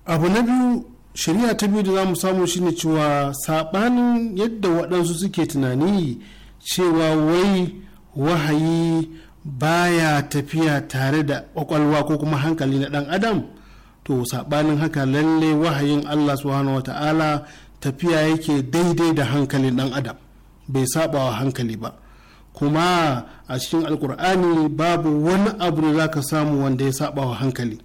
abu na biyu shari'a ta biyu da za mu samu shine cewa saɓanin yadda waɗansu suke tunani cewa wai wahayi baya tafiya tare da kwakwalwa ko kuma hankali na dan adam to sabanin haka lalle wahayin allah subhanahu wa ta'ala tafiya yake daidai da hankalin dan adam bai saba hankali ba kuma a cikin alkur'ani babu wani abu da za ka samu wanda ya saba hankali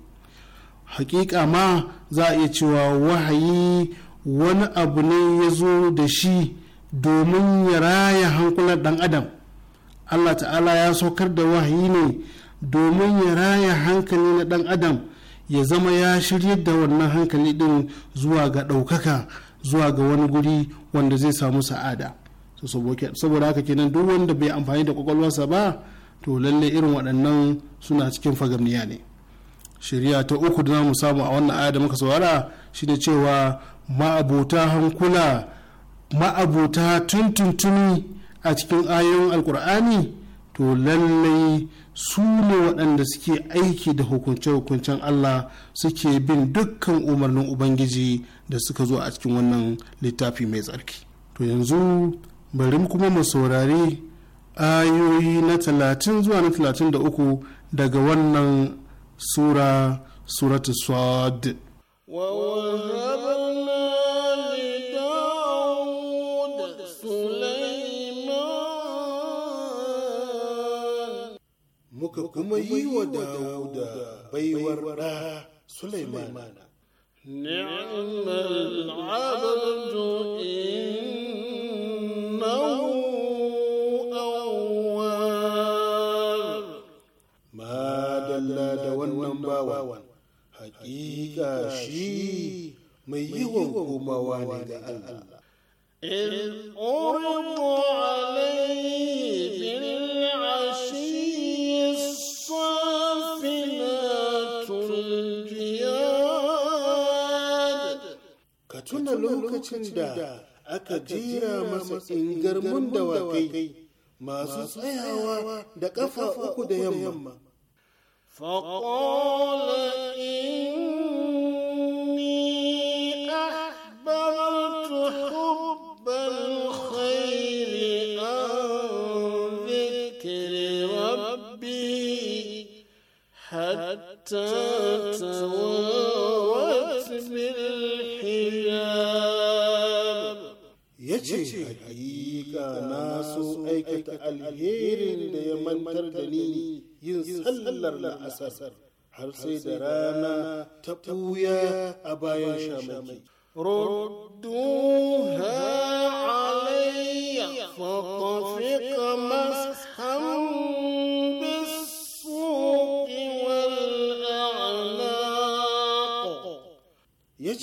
hakika ma za a iya cewa wahayi wani abu ne ya zo da shi domin ya raya hankulan dan adam allah ta'ala ya saukar da wahayi ne domin ya raya hankali na ɗan adam ya zama ya shirya da wannan hankali ɗin zuwa ga ɗaukaka zuwa ga wani guri wanda zai samu sa'ada saboda haka kenan duk wanda bai amfani da kwakwalwarsa ba to lalle irin waɗannan suna cikin fagamniya ne shirya ta uku da mu samu a wannan aya muka saurara shine cewa ma'abuta hankula ma'abuta tuntuntuni a cikin ayoyin alkur'ani to lallai su ne waɗanda suke aiki da hukunce-hukuncen Allah suke bin dukkan umarnin Ubangiji da suka zo a cikin wannan littafi mai tsarki. To yanzu bari kuma mu saurari ayoyi na talatin zuwa na talatin da uku daga wannan sura suratu swad. muka kuma yi wa dauda baiwar ɗa Sulaimana. Ni'mal abdu da aka jera masa ingarmun dawakai masu tsayawa da ƙafa uku da yamma. فقال sallar har sai da rana ta ɓuya a bayan shamai. Roduha alayya faƙafi kamar Ya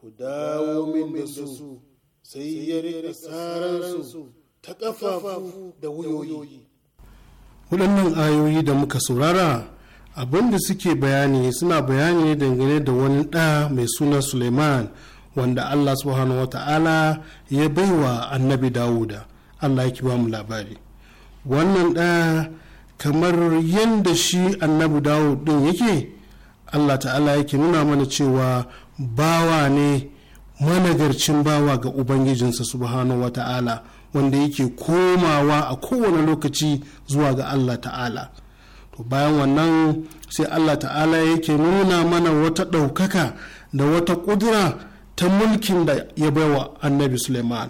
Ku dawo min da su sai ya rika sararsu ta kafafu da wuyoyi. waɗannan ayoyi da muka saurara abinda suke bayani suna bayani dangane da wani ɗa mai suna suleiman wanda allah subhanahu wata'ala ya baiwa annabi dawuda allah ya ba mu labari wannan ɗa kamar yadda shi annabi dawud ɗin yake allah ta'ala yake nuna mana cewa bawa ne managarcin bawa ga ubangijinsa subhanahu wata'ala ta'ala wanda yake komawa a kowane lokaci zuwa ga Allah ta'ala to bayan wannan sai Allah ta'ala yake nuna mana wata ɗaukaka da wata ƙudura ta mulkin da ya baiwa annabi suleiman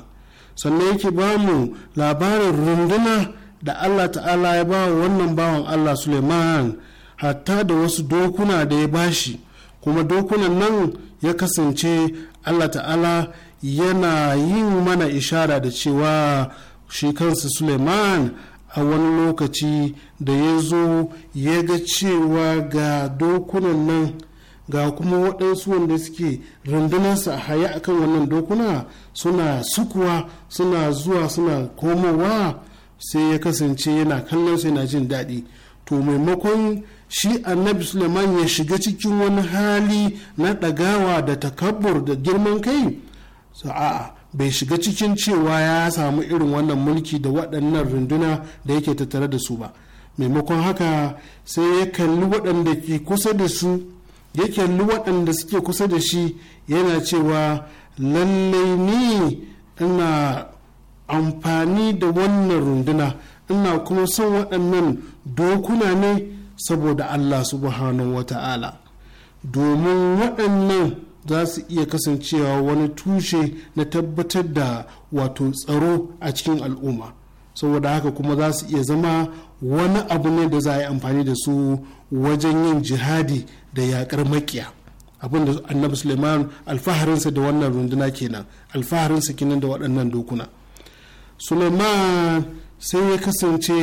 sannan yake ba mu labarin runduna da Allah ta'ala ya ba wannan bawan Allah suleiman hatta da wasu dokuna da ya bashi kuma dokunan nan ya kasance Allah ta'ala yana yi mana ishara da cewa shi Suleman suleiman a wani lokaci da ya zo ya ga cewa ga dokunan nan ga kuma waɗansu wanda suke rundunarsa a haya akan wannan dokuna suna sukuwa suna zuwa suna komowa sai ya kasance yana kallon sai yana jin daɗi to maimakon shi annabi suleiman ya shiga cikin wani hali na ɗagawa da takabbur da girman kai so a'a bai shiga cikin cewa ya samu irin wannan mulki da waɗannan runduna da yake tattare da su ba maimakon haka sai ya kalli waɗanda ke kusa da su ya kalli waɗanda suke kusa da shi yana cewa lallai ni ina amfani da wannan runduna ina kuma son waɗannan dokuna ne saboda allah subhanahu wa ta'ala domin waɗannan za su iya kasancewa wani tushe na tabbatar da wato tsaro a cikin al'umma saboda haka kuma za su iya zama wani abu ne da za a yi amfani da su wajen yin jihadi da yakar makiya abin da annabi suleiman alfaharinsa da wannan runduna kenan alfaharinsa kenan da waɗannan dokuna suleiman sai ya kasance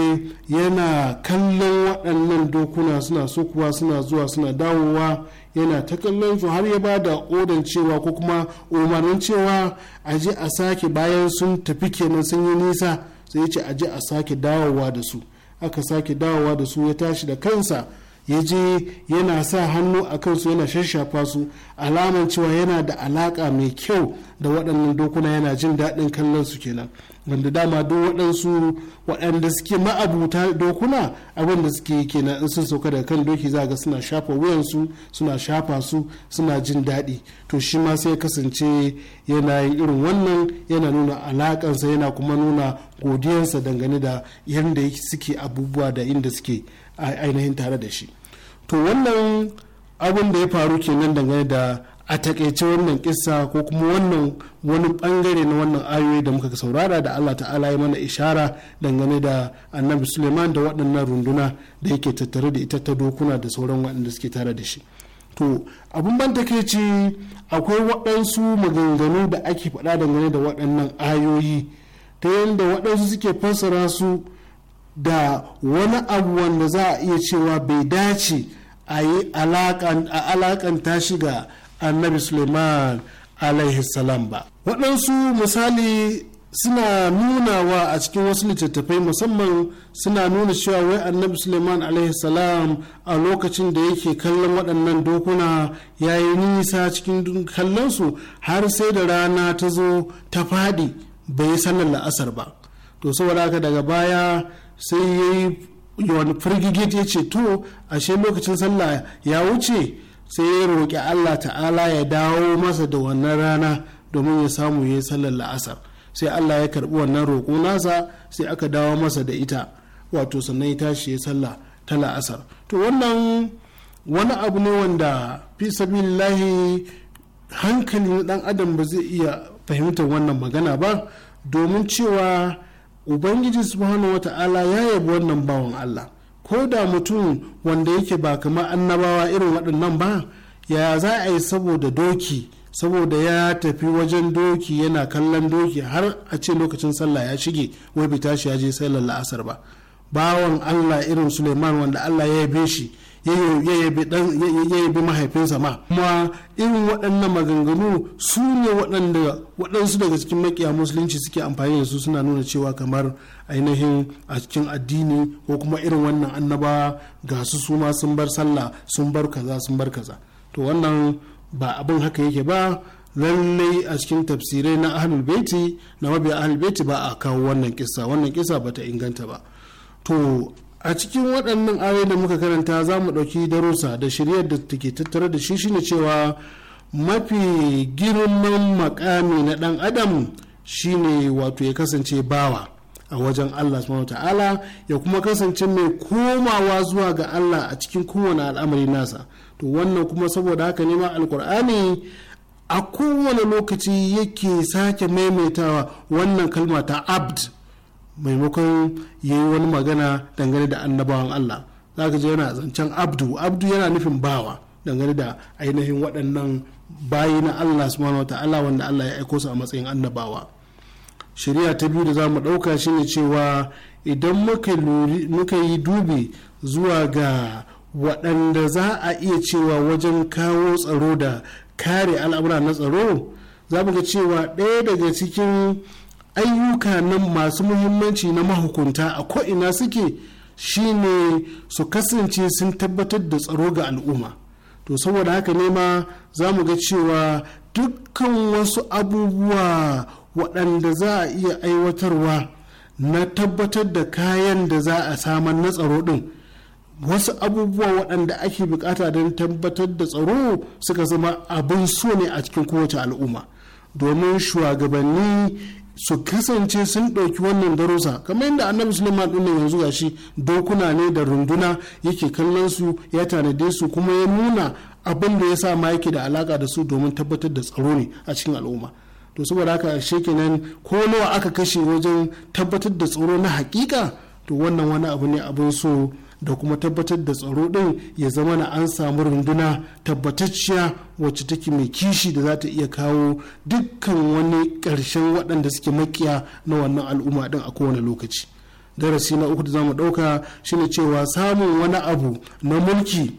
yana kallon waɗannan dokuna suna sokuwa suna zuwa suna dawowa yana ta kallon su har ya ba da odan cewa ko kuma umarnin cewa a je a sake bayan sun tafi kenan sun yi nisa sai ya ce a je a sake dawowa da su aka sake dawowa da su ya tashi da kansa ya je yana sa hannu a kansu yana shashafa su alamar cewa yana da alaka mai kyau da waɗannan dokuna yana jin daɗin kallon su kenan wanda dama duk waɗansu waɗanda suke ma'abuta dokuna abin da suke kenan in sun sauka daga kan doki za ga suna shafa wuyansu suna shafa su suna jin daɗi to shi ma sai kasance yana yin irin wannan yana nuna alakansa yana kuma nuna godiyansa dangane da yadda suke abubuwa da inda suke a ainihin tare da shi to wannan abin da ya faru kenan dangane da a takaice wannan kisa ko kuma wannan wani bangare na wannan ayoyi da muka saurara da Allah ta'ala ya mana ishara dangane da annabi suleiman da waɗannan runduna da yake tattare da ita ta dokuna da sauran waɗanda suke tare da shi to abin ban takaici akwai waɗansu maganganu da ake faɗa dangane da waɗannan ayoyi ta yadda waɗansu suke fassara su da wani abu wanda za a iya cewa bai dace a yi alakanta shi ga annabi suleiman salam ba waɗansu misali suna nunawa a cikin wasu littattafai musamman suna nuna cewa wai annabi suleiman salam a lokacin da yake kallon waɗannan dokuna ya yi nisa cikin kallonsu har sai da rana ta zo ta faɗi bai yi sallar la'asar ba to saboda haka daga baya sai ya yi yawan firgigit ya ce to ashe lokacin sallah ya wuce sai ya roƙi allah ta'ala ya dawo masa da wannan rana domin ya samu ya yi sallar la'asar sai allah ya karɓi wannan roƙo nasa sai aka dawo masa da ita wato sannan ya tashi ya sallah ta la'asar to wannan wani abu ne wanda fi sabilillahi hankali na dan adam ba zai iya fahimtar wannan magana ba domin cewa ubangiji subhanahu wata'ala ya yabi wannan bawan allah ko da mutum wanda yake ba kamar annabawa irin waɗannan ba ya za a yi saboda doki saboda ya tafi wajen doki yana kallon doki har a ce lokacin sallah ya shige wai bai tashi ya je sallar la'asar ba bawan allah irin suleiman wanda allah ya yabe shi ya yabi mahaifinsa ma kuma irin waɗannan maganganu su ne waɗansu daga cikin makiya musulunci suke amfani da su suna nuna cewa kamar ainihin a cikin addini ko kuma irin wannan annaba ga su suma sun bar sallah sun bar kaza sun bar kaza to wannan ba abin haka yake ba lallai a cikin tafsirai na ahlul baiti na mabiya ahlul baiti ba a kawo wannan kisa wannan kisa bata inganta ba to a cikin waɗannan ayoyi da muka karanta za mu ɗauki darusa da shiryar da take tattare da shi shine cewa mafi girman makami na ɗan adam shine wato ya kasance bawa a wajen Allah subhanahu ta'ala ya kuma kasance mai komawa zuwa ga Allah a cikin kowane al'amari nasa to wannan kuma saboda haka ne ma alkur'ani a kowane lokaci yake sake maimaitawa wannan kalma ta abd maimakon ya yi wani magana dangane da annabawan Allah za ka ji yana zancen abdu abdu yana nufin bawa dangane da ainihin waɗannan bayi na Allah subhanahu wa ta'ala wanda Allah ya aiko su a matsayin annabawa shari'a ta biyu da za mu ɗauka shi shine cewa idan muka yi dubi zuwa ga waɗanda za a iya cewa wajen kawo tsaro da kare al'amura na tsaro za mu ga cewa ɗaya daga cikin ayyuka nan masu muhimmanci na mahukunta a ko'ina suke shine su kasance sun tabbatar da tsaro ga al'umma to saboda haka ne ma za mu ga cewa dukkan wasu abubuwa waɗanda za a iya aiwatarwa na tabbatar da kayan da za a samar na tsaro ɗin wasu abubuwa waɗanda ake bukata don tabbatar da tsaro suka zama abin so ne a cikin kowace al'umma domin shugabanni su kasance sun ɗauki wannan darusa kamar yadda annabi suleiman ɗin nan yanzu gashi dokuna ne da runduna yake kallon su ya tanade su kuma ya nuna abin da ya sa ma yake da alaka da su domin tabbatar da tsaro ne a cikin al'umma to saboda haka shekenan ko nawa aka kashe wajen tabbatar da tsaro na hakika to wannan wani abu ne abin so da kuma tabbatar da tsaro ɗin ya zama na an samu runduna tabbatacciya wacce take mai kishi da za ta iya kawo dukkan wani ƙarshen waɗanda suke makiya na wannan al'umma ɗin a kowane lokaci darasi na uku da zamu ɗauka shine cewa samun wani abu na mulki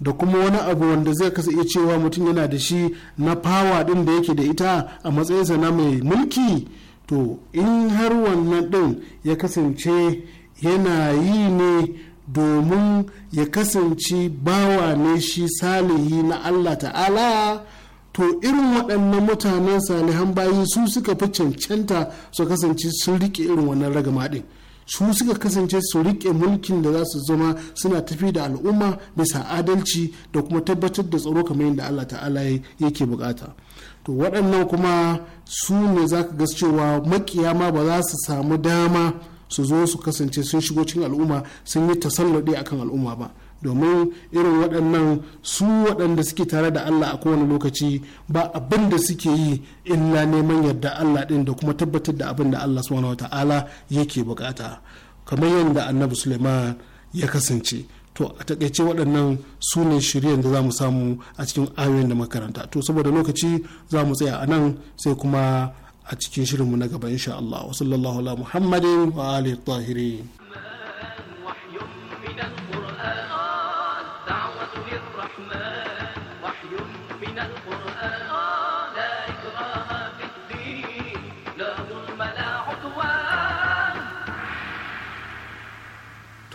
da kuma wani abu wanda zai kasa iya cewa mutum yana da shi na fawa ɗin da yake da ita a matsayinsa na mai mulki to in har wannan ɗin ya kasance yana yi ne domin ya kasance bawa ne shi salihi na Allah ta'ala to irin waɗannan mutanen salihan bayi su suka fi cancanta su kasance sun rike irin wannan ragama ɗin su suka kasance su riƙe mulkin da za su zama suna tafi da al'umma bisa adalci da kuma tabbatar da tsaro kamar yadda Allah ta'ala yake bukata to waɗannan kuma su ne za ka cewa makiyama ba za su samu dama su zo su kasance sun shigo cikin al'umma sun yi tasallade akan al'umma ba domin irin waɗannan su waɗanda suke tare da Allah a kowane lokaci ba abin da suke yi illa neman yadda Allah ɗin da kuma tabbatar da abin da Allah subhanahu wata'ala yake bukata kamar yadda annabi Suleiman ya kasance to a takaice waɗannan su ne shiryen da za mu samu a cikin ayoyin da makaranta to saboda lokaci za mu tsaya a nan sai kuma a cikin shirinmu na gaba insha Allah wa sallallahu ala Muhammadin wa alihi tahirin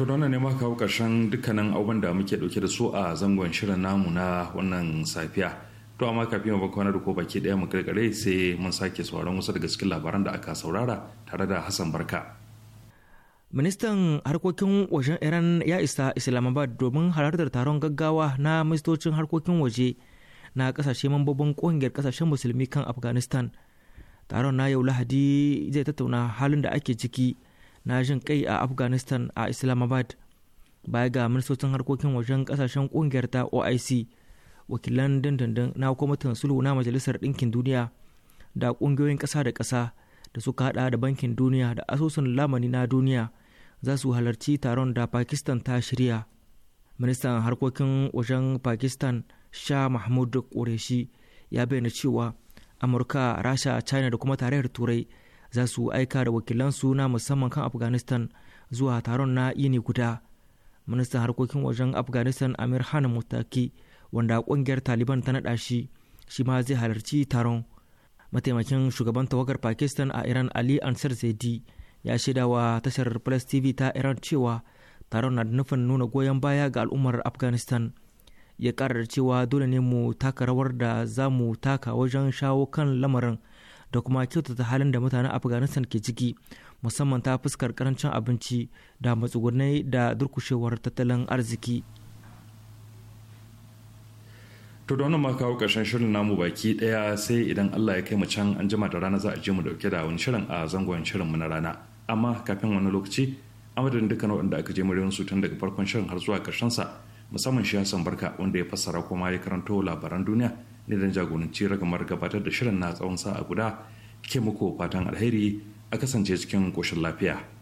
to ne maka kawo ƙarshen dukkanin abubuwan da muke ɗauke da su a zangon shirin namu na wannan safiya to amma kafin mu kwana da ko baki daya mu kirkire sai mun sake sauraron wasu daga cikin labaran da aka saurara tare da Hassan Barka Ministan harkokin wajen Iran ya isa Islamabad domin halartar taron gaggawa na ministocin harkokin waje na kasashe mambobin kungiyar kasashen musulmi kan Afghanistan. Taron na yau Lahadi zai tattauna halin da ake ciki na jin kai a Afghanistan a Islamabad. baya ga ministocin harkokin wajen kasashen kungiyar ta oic wakilan dandandan na kwamitin sulhu na majalisar ɗinkin duniya da ƙungiyoyin ƙasa da ƙasa da suka hada da bankin duniya da asusun lamani na duniya za su halarci taron da pakistan ta shirya ministan harkokin wajen pakistan shah mahmud ƙureshi ya bayyana cewa amurka rasha china da kuma tarayyar turai za su aika da wakilansu na musamman kan afghanistan zuwa taron na yini guda ministan harkokin wajen afghanistan amir khan mutaki wanda kungiyar taliban ta naɗa shi shi ma zai halarci taron mataimakin shugaban tawagar pakistan a iran ali ansar zaidi ya shaida wa tashar plus tv ta iran cewa taron na da nufin nuna goyon baya ga al'ummar afghanistan ya karar cewa dole ne mu taka rawar da za mu taka wajen shawo kan lamarin da kuma kyautata halin da mutanen afghanistan ke ciki musamman ta fuskar karancin abinci da matsugunai da durkushewar tattalin arziki to da wannan ma kawo karshen shirin namu baki daya sai idan allah ya kai mu can an jima da rana za a je mu dauke da wani shirin a zangon shirin mu na rana amma kafin wani lokaci a duka dukkan waɗanda aka je muryar su tun daga farkon shirin har zuwa karshen sa musamman shi Hassan Barka wanda ya fassara kuma ya karanto labaran duniya ne dan jagoranci ragamar gabatar da shirin na tsawon sa'a guda ke muku fatan alheri a kasance cikin koshin lafiya.